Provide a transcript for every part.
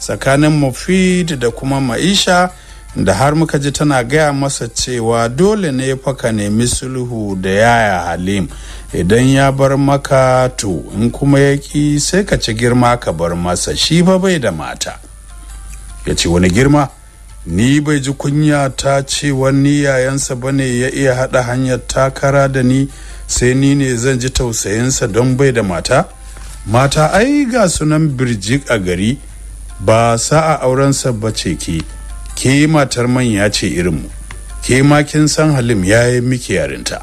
tsakanin mufid da kuma maisha da har muka ji tana gaya masa cewa dole ne fa ka nemi sulhu da yaya halim idan ya bar maka to in kuma ya ki sai ka ci girma ka bar masa shi fa bai da mata ya ce wani girma ni bai ji kunya ta ce wani yayansa bane ya iya haɗa hanyar takara da ni sai ni ne zan ji tausayinsa don bai da mata mata ai ga sunan birjik a gari ba sa'a auren sabba ce ki ke matar manya ce irinmu ke ma kin san halim ya yi miki yarinta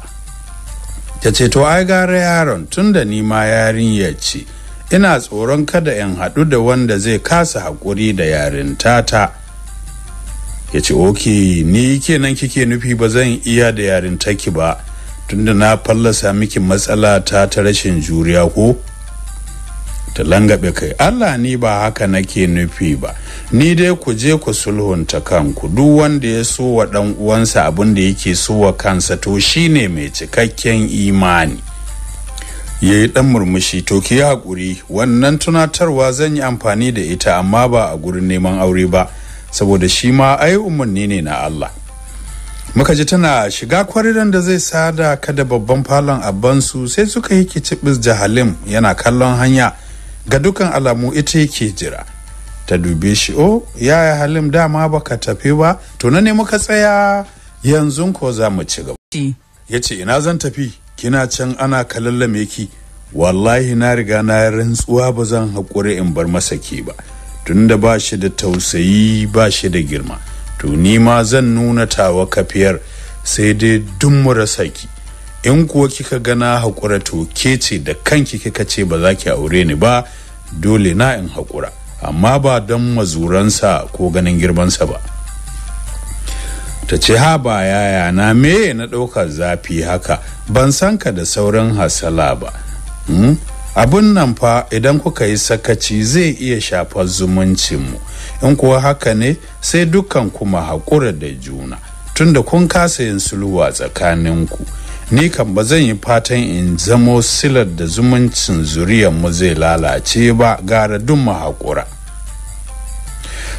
ta ce to ai gara yaron tun da ni ma ya ce ina tsoron kada in haɗu da wanda zai kasa haƙuri da yarinta ta ya ce oke ni kenan kike nufi ba zan iya da ki ba tunda na fallasa miki matsala ta ta rashin juriya ko ta langabe kai Allah ni ba haka nake nufi ba ni dai ku je ku sulhunta kanku duk wanda ya so wa dan uwansa abin da yake so wa kansa to shine mai cikakken imani ya yi dan murmushi to ki hakuri wannan tunatarwa zan yi amfani da ita amma ba a gurin neman aure ba saboda shi ma ai umarni ne na Allah muka ji tana shiga kwariran da zai sada kada babban falon abansu sai suka yi kicibis jahalim yana kallon hanya ga dukan alamu ita yake jira ta dube shi o oh, yaya halim dama baka tafi ba to na ne muka tsaya yanzu ko za mu ci gaba ya ce ina zan tafi kina can ana kalallame ki wallahi na riga na rantsuwa ba zan haƙuri in bar masa ke ba da ba shi da tausayi ba shi da girma to ni ma zan nuna tawa kafiyar sai dai duk mu rasa ki in kuwa kika gana haƙura to ke ce da kanki kika ce ba za ki aure ni ba dole na in haƙura amma ba don mazuransa ko ganin girmansa ba ta ce ha ba yaya na me na ɗaukar zafi haka ban san ka da sauran hasala ba hmm? abun nan fa idan kuka yi sakaci zai iya shafar zumuncinmu in kuwa haka ne sai dukkan kuma haƙura da juna tunda kun kasa yin sulhu a tsakaninku ni kan ba zan yi fatan in zamo silar da zumuncin mu zai lalace ba gara dun haƙura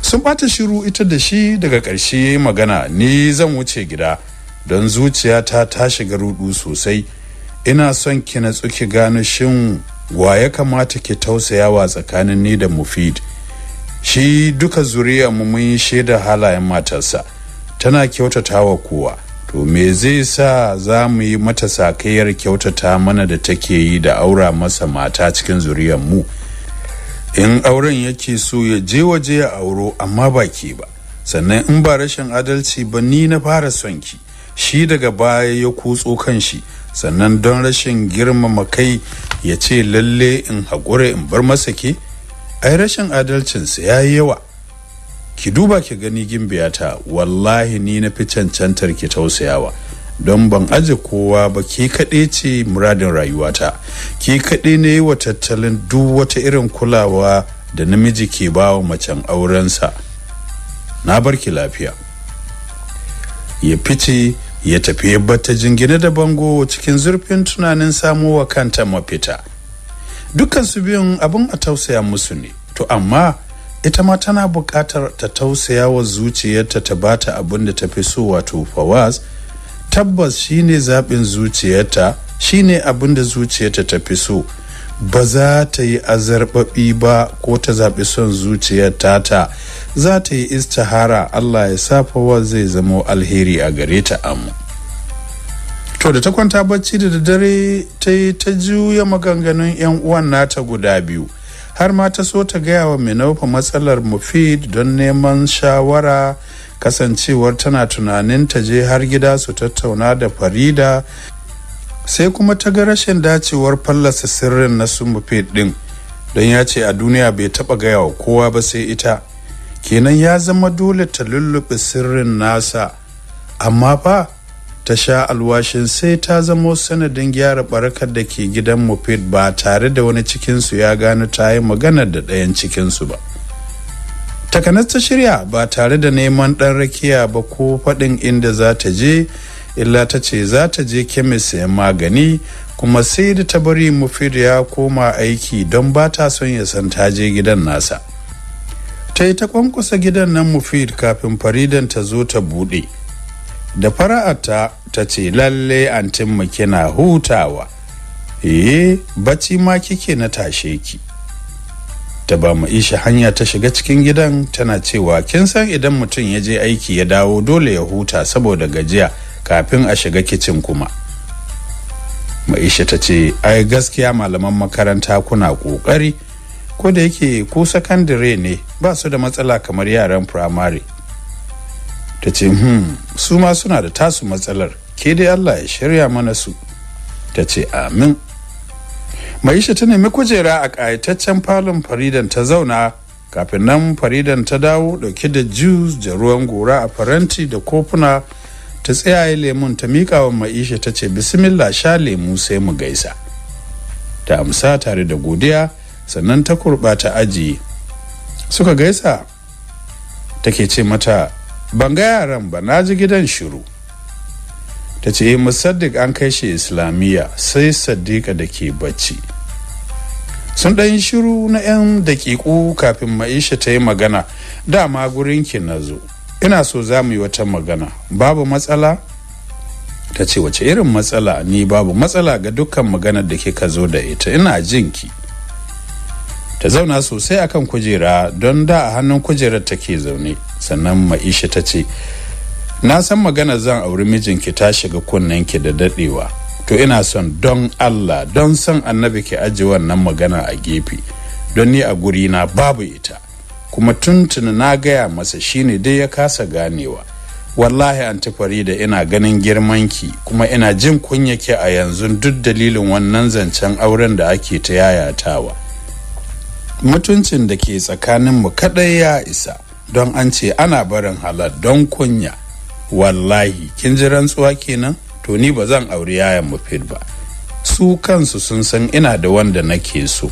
sun bata shiru ita da shi daga ƙarshe magana ni zan wuce gida don zuciyata ta shiga rudu sosai ina son ki na tsuki gano shin wa ya kamata ki tausayawa tsakanin ni da mufid shi duka zuriyarmu mun yi shaida halayen matarsa tana kyautatawa kowa to me zai sa za mu yi mata sakayyar kyautata mana da take yi da aura masa mata cikin zuriyar mu in auren yake so ya je waje ya auro amma ba ke ba sannan in ba rashin adalci ba ni na fara son ki shi daga baya ya kutso kan shi sannan don rashin girmama kai ya ce lalle in haƙura in bar masa ke ai rashin adalcinsa ya yi yawa ki duba ki gani gimbiya ta wallahi ni na fi cancantar ki tausayawa don ban aje kowa ba ke kaɗai ce muradin rayuwata ke kaɗai ne wa tattalin duk wata irin kulawa da namiji ke bawa macen aurensa na bar ki lafiya ya fice ya tafi ya bata jingine da bango cikin zurfin tunanin samowa kanta mafita dukkan su biyun abin a tausaya musu ne to amma ita ma tana buƙatar ta tausaya wa zuciyarta ta bata abin da ta fi so wato fawaz tabbas shine zaɓin zuciyarta shine abin da zuciyarta ta fi so ba za ta yi azarbaɓi ba ko ta zaɓi son zuciyarta ta za ta yi istahara allah ya sa fawaz zai zama alheri a gare ta amma to da ta kwanta bacci da dare ta yi ta juya maganganun 'yan uwan nata guda biyu har ma ta so ta gaya wa minofa matsalar mufid don neman shawara kasancewar tana tunanin ta je har gida su tattauna da farida sai kuma ta ga rashin dacewar fallasa sirrin na su mufid din don ya ce a duniya bai taba gaya wa kowa ba sai ita kenan ya zama dole ta lullube sirrin nasa amma fa ta sha alwashin sai ta zamo sanadin gyara barakar da ke gidan mufid ba tare da wani cikinsu ya gano ta yi magana da ɗayan cikinsu ba takanas ta shirya ba tare da neman ɗan rakiya ba ko faɗin inda za ta je illa ta ce za ta je kemis ya magani kuma sai da ta bari mufid ya koma aiki don ba ta son ya san ta je gidan nasa ta yi ta kwankusa gidan nan mufid kafin faridan ta zo ta buɗe da fara'ata ta ce lalle antinmu kina hutawa E, bacci ma kike na tashe ki ta ba mu isha hanya ta shiga cikin gidan tana cewa kin san idan mutum ya je aiki ya dawo dole ya huta saboda gajiya kafin a shiga kicin kuma maisha ta ce ai gaskiya malaman makaranta kuna kokari ko da yake ko sakandare ne ba su da matsala kamar yaran firamare ta ce hmm su ma suna da tasu matsalar ke dai allah ya shirya mana su ta ce amin maisha ta nemi kujera a ƙayataccen falon faridan ta zauna kafin nan faridan ta dawo dauke da juice da ruwan gora a faranti da kofuna ta tsayaye lemun ta mika wa maisha ta ce bismillah sha lemu sai mu gaisa ta amsa tare da godiya sannan ta kurɓa ta ajiye suka gaisa take ce mata ban ga yaran ba na ji gidan shiru ta ce eh, musaddik an kai shi islamiyya sai saddiqa da ke bacci sun ɗan shiru na 'yan daƙiƙu kafin ma'isha ta yi magana dama gurinki na zo ina so za mu yi wata magana babu matsala ta ce wace irin matsala ni babu matsala ga dukkan maganar da kika zo da ita ina jinki ta zauna sosai a kan kujera don da a hannun kujerar take zaune sannan ma'isha ta ce na san magana zan auri mijinki ta shiga kunnen ki da dadewa to ina son don allah don san annabi ki aji wannan magana a gefe don ni a guri na babu ita kuma tuntuni na gaya masa shine dai ya kasa ganewa wallahi an tafari da ina ganin girmanki kuma ina jin kunyake a yanzu duk dalilin wannan zancen auren da ake ta yayatawa mutuncin da ke tsakaninmu kadai ya isa don an ce ana barin halar don kunya wallahi kin ji rantsuwa kenan to ni ba zan auri yayan mufid ba su kansu sun san ina da wanda nake so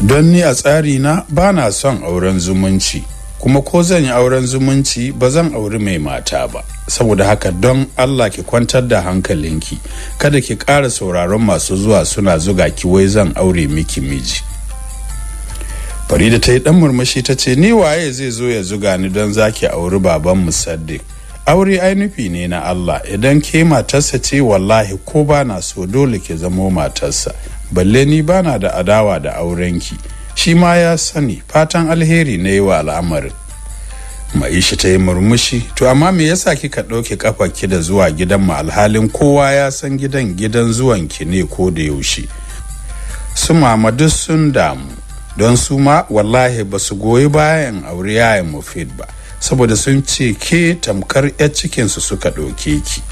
don ni a tsari na ba na son auren zumunci kuma ko zan yi auren zumunci ba zan auri mai mata ba saboda haka don allah ki kwantar da hankalinki kada ki ƙara sauraron masu zuwa suna zuga ki wai zan aure miki miji farida ta yi dan murmushi ta ce ni waye zai zo ya zuga ni don zaki auri baban saddiq aure ai nufi ne na Allah idan ke matarsa ce wallahi ko ba na so dole ke zamo matarsa balle ni ba na da adawa da aurenki shi ma ya sani fatan alheri na yi wa al'amarin maisha ta yi murmushi to amma me yasa kika ɗauke ki da zuwa gidan mu alhalin kowa ya san gidan gidan zuwanki ne ko da yaushe su mama duk sun damu don su ma wallahi ba su goyi bayan aure yayin mufid ba saboda sun ce ke tamkar 'yar cikinsu suka ɗauke ki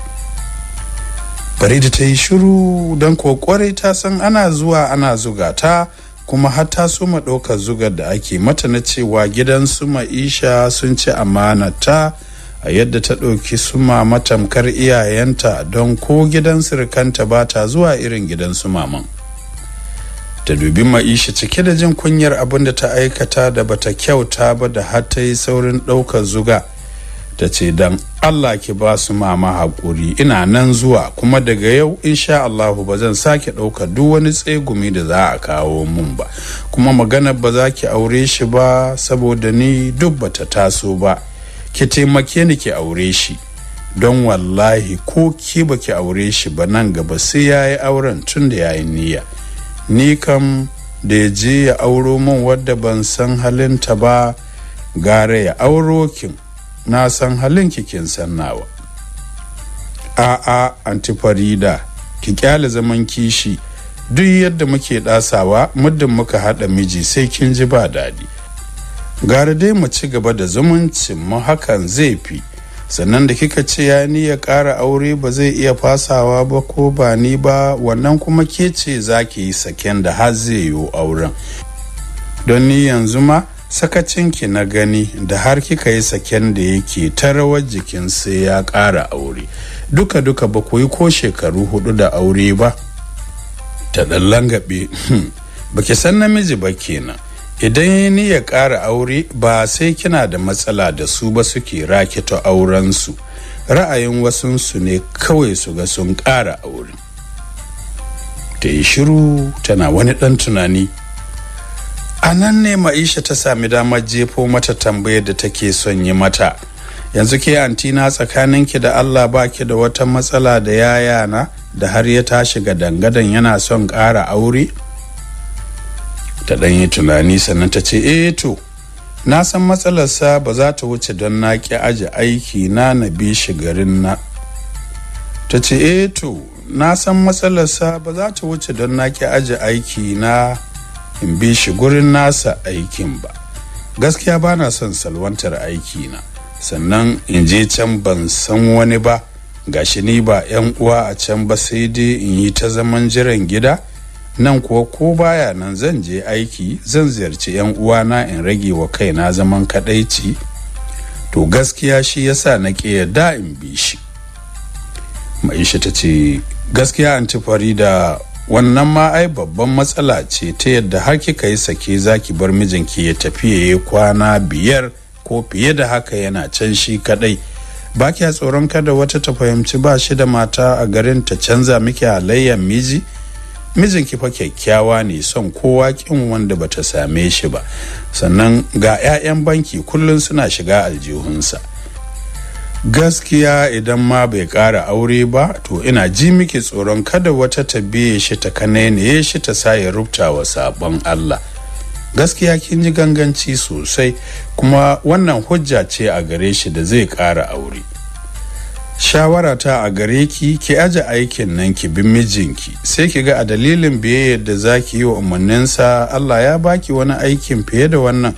farida ta yi shiru don kokwarai ta san ana zuwa ana zuga ta kuma hata su ma ɗaukar zugar da ake mata na cewa gidan su ma'isha sun ci amanata a yadda ta ɗauki suma matamkar iyayenta don ko gidan sirkanta ba ta zuwa irin gidan su maman ta dubi ma'isha cike da jin kunyar abin da ta aikata da bata kyauta ba da har ta yi saurin ɗaukar zuga ta ce don allah ki ba su mama haƙuri ina nan zuwa kuma daga yau insha allahu ba zan sake ɗauka duk wani tsegumi da za a kawo mun ba kuma magana ba za ki aure shi ba saboda ni duk bata taso ba ki taimake ni ki aure shi don wallahi ko ki baki aure shi ba nan gaba sai ya yi auren tun da ya yi niyya ni kam da ya je ya auro min wadda ban san halin ta ba gara ya auro kin na san halin kin san nawa a'a antifarida ki kyale zaman kishi duk yadda muke dasawa muddin muka haɗa miji sai kin ji ba daɗi gara dai mu ci gaba da zumuncin mu hakan zai fi sannan da kika ce ya ya ƙara aure ba zai iya fasawa ba ko ba ni ba wannan kuma ke ce za ki yi saken da har zai yiwu auren don ni yanzu ma sakacinki na gani da har kika yi saken da yake ta rawar jikin sai ya ƙara aure duka duka ba ku yi ko shekaru hudu da aure ba ta ɗan hmm. ba ki san namiji ba kenan idan ni ya ƙara aure ba sai kina da matsala da su ba suke rakita aurensu ra'ayin wasunsu ne kawai su ga sun ƙara aure ta yi shiru tana wani ɗan tunani a nan ne ma'isha ta sami damar jefo mata tambayar da take son yi mata yanzu ke antina ki da allah baki da wata matsala da yayana da har ya tashi ga dangadan yana son ƙara aure ta ɗan yi tunani sannan ta ce eh to na san matsalarsa ba za ta wuce don na ƙi aji aiki na na bi shi garin na ta ce eh to na san matsalarsa ba za ta wuce don na ƙi aji aiki na in bi shi gurin nasa aikin ba gaskiya ba na son salwantar aiki na sannan in je can ban san wani ba gashi ni ba 'yan uwa a can ba sai dai in yi ta zaman jiran gida nan kuwa ko baya nan zan je aiki zan ziyarci 'yan uwana in rage wa kaina zaman kadaici to gaskiya shi ya sa na ke yarda in bi shi maisha ta ce gaskiya an ci farida wannan ma ai babban matsala ce ta yadda har kika yi sake zaki bar mijinki ya tafi ya kwana biyar ko fiye da haka yana can shi kadai ba kya tsoron kada wata ta fahimci ba shi da mata a garin ta canza miki halayyar miji mijinki fa kyakkyawa ne son kowa kin wanda bata same shi ba sannan ga 'ya'yan banki kullum suna shiga aljihunsa gaskiya idan ma bai ƙara aure ba to ina ji miki tsoron kada wata ta biye shi ta kanainaye shi ta sa ya rubuta wa sabon Allah gaskiya kin ji ganganci sosai kuma wannan hujja ce a gare shi da zai ƙara aure shawara ta a gare ki ki aje aikin nan ki bi mijinki sai ki ga a dalilin biyayyar da zaki yi wa umarninsa allah ya baki wani aikin fiye da wannan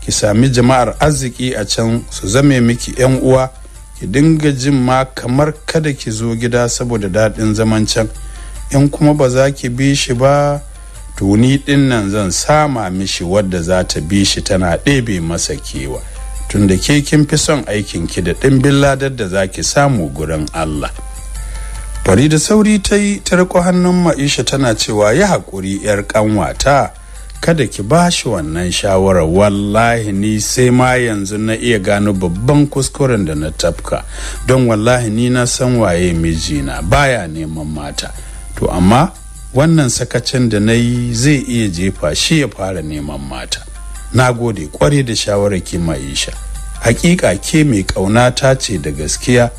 ki sami jama'ar arziki a can su zame miki yan uwa ki dinga jin ma kamar kada ki zo gida saboda daɗin zaman can in kuma ba za ki bi shi ba tuni ɗin nan zan sama mishi wadda za ta bi shi tana ɗebe masa kewa tunda ke kin fi son aikin ki da ɗimbin ladar da zaki samu gurin Allah fari da sauri ta yi ta riko hannun ma'isha tana cewa ya haƙuri 'yar ƙanwata kada ki ba shi wannan shawarar wallahi ni sai ma yanzu na iya gano babban kuskuren da na tafka don wallahi ni na san waye mijina baya neman mata to amma wannan sakacin da na yi zai iya jefa shi ya fara neman mata na gode kware da shawarar ki maisha hakika ke mai kauna ta ce da gaskiya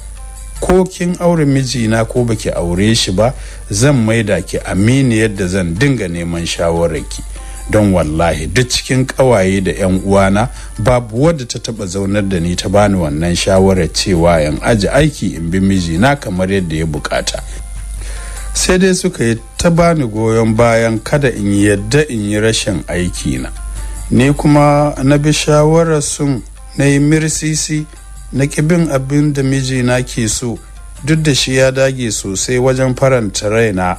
ko kin aure mijina ko baki aure shi ba zan maida ki amini yadda zan dinga neman shawarar ki don wallahi duk cikin kawaye da yan uwana babu wadda ta taba zaunar da ni ta bani wannan shawarar cewa yan aji aiki in bi mijina kamar yadda ya bukata sai dai suka yi ta bani goyon bayan kada in yadda in yi rashin aiki na ni kuma na bi shawarar sun na yi mirsisi na kibin abin da mijina ke so duk da shi ya dage sosai wajen faranta raina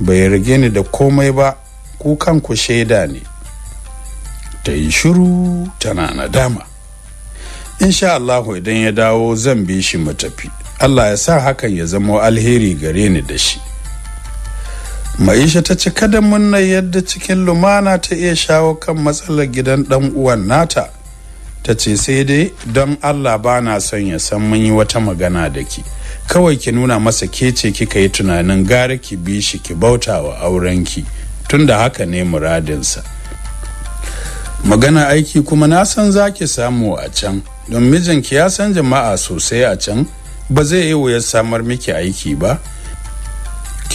bai rage ni da komai ba ku kanku shaida ne ta yi shiru tana nadama insha Allahu idan ya dawo zan bi shi matafi Allah ya sa hakan ya zama alheri gare ni da shi maisha ta ce kada munna yadda cikin lumana ta iya shawo kan matsalar gidan dan uwan nata ta ce sai dai don allah ba na son ya san mun yi wata magana da ki kawai ki nuna masa ke ce kika yi tunanin gara ki bi shi ki bauta wa auren tun tunda haka ne muradinsa magana aiki kuma na san za samu a can don mijinki ya san jama'a sosai a can ba zai yi wuyar samar miki aiki ba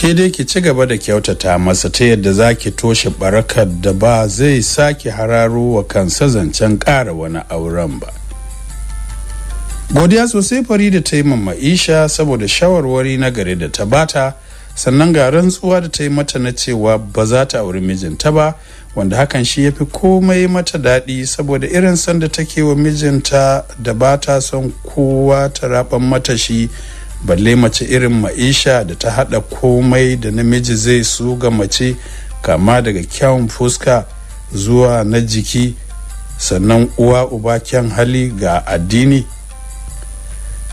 ke dai ki ci gaba da kyautata masa ta yadda za ki toshe barakar da ba zai sake hararo wa kansa zancen ƙara wani auren ba godiya sosai fari da ta yi ma'isha saboda shawarwari na gare da ta bata sannan ga rantsuwa da ta yi mata na cewa ba za ta auri mijinta ba wanda hakan shi ya fi komai mata daɗi saboda irin sanda take wa mijinta da ba ta son kowa ta raɓan mata shi balle mace irin ma'isha da ta haɗa komai da namiji zai su ga mace kama daga kyawun fuska zuwa na jiki sannan uwa uba kyan hali ga addini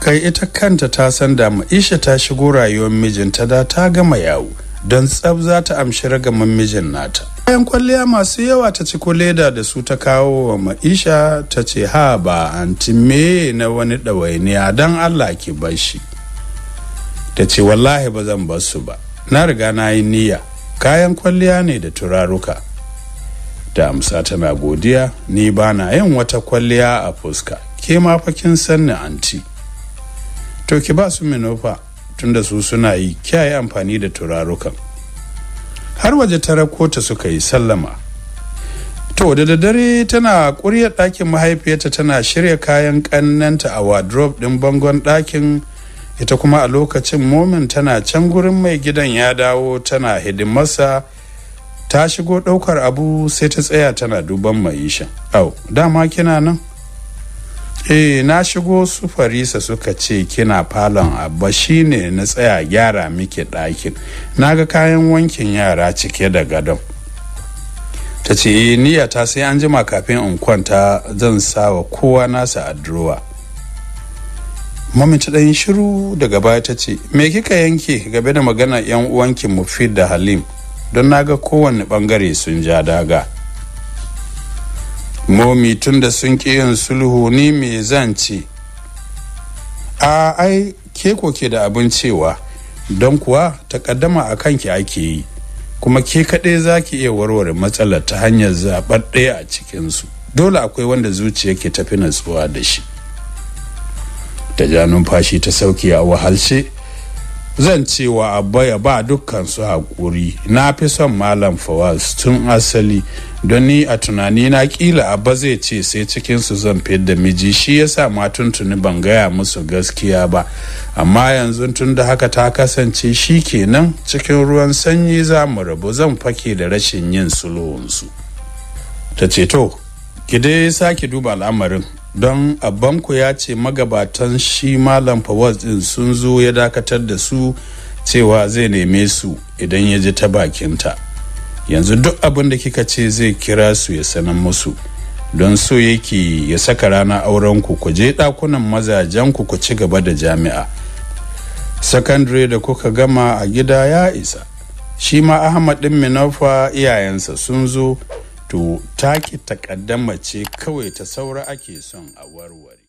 kai ita kanta ta san da ma'isha ta shigo rayuwar mijinta da ta gama yawo don tsab za ta amshi ragaman mijin nata bayan kwalliya masu yawa ta ci leda da su ta kawo wa ma'isha ta ce ha ba anti na wani ɗawainiya don allah ki bar shi ta ce wallahi ba zan bar su ba na riga na yi niyya kayan kwalliya ne da turaruka Da amsa tana godiya ni ba na yin wata kwalliya a fuska ke ma fa kin san ni anti to ki ba su minofa tunda su suna yi kiyaye amfani da turarukan har waje tara kota suka yi sallama to da daddare tana kuryar ɗakin mahaifiyarta tana shirya kayan ƙannanta a wardrobe ɗin bangon ɗakin ita kuma a lokacin momin tana can gurin mai gidan ya dawo tana hidimarsa ta shigo ɗaukar abu sai ta tsaya tana duban mai shan. au dama kina nan eh na shigo su farisa suka ce kina falon abba shine na tsaya gyara miki ɗakin na ga kayan wankin yara cike da gadon ta ce eh, niyya sai an jima kafin in kwanta zan sawa kowa nasa a durowa mami ta ɗan shiru daga baya ta ce me kika yanke game da magana yan uwanki mufid da halim don naga kowanne ɓangare sun ja daga momi tun da sun ƙi yin sulhu ni me zan ce a ai ke ke da abin cewa don kuwa takaddama a kanki ake yi kuma ke kaɗai za ki iya warware matsalar ta hanyar zaɓar ɗaya a cikinsu dole akwai wanda zuciya ke tafi natsuwa da shi da ja numfashi ta sauke a wahalce zan cewa abba ya ba dukkan haƙuri na fi son malam fawaz tun asali don ni a tunani na kila abba zai ce sai cikinsu zan da miji shi ya sa ma tuntuni ban gaya musu gaskiya ba amma yanzu tun da haka ta kasance shi kenan cikin ruwan sanyi za mu rabu zan fake da rashin yin sulhunsu ta ce to ki dai sake duba al'amarin don abanku ya ce magabatan shi malam fawaz din sun zo ya dakatar da su cewa zai neme su idan ya ji ta bakinta yanzu duk abin da kika ce zai kira su ya sanan musu don so yake ya saka rana auren ku ku je dakunan mazajen ku ku ci gaba da jami'a secondary da kuka gama a gida ya isa shi ma ahmad din minofa iyayensa sun zo to take takaddama ce kawai ta saura ake son a warware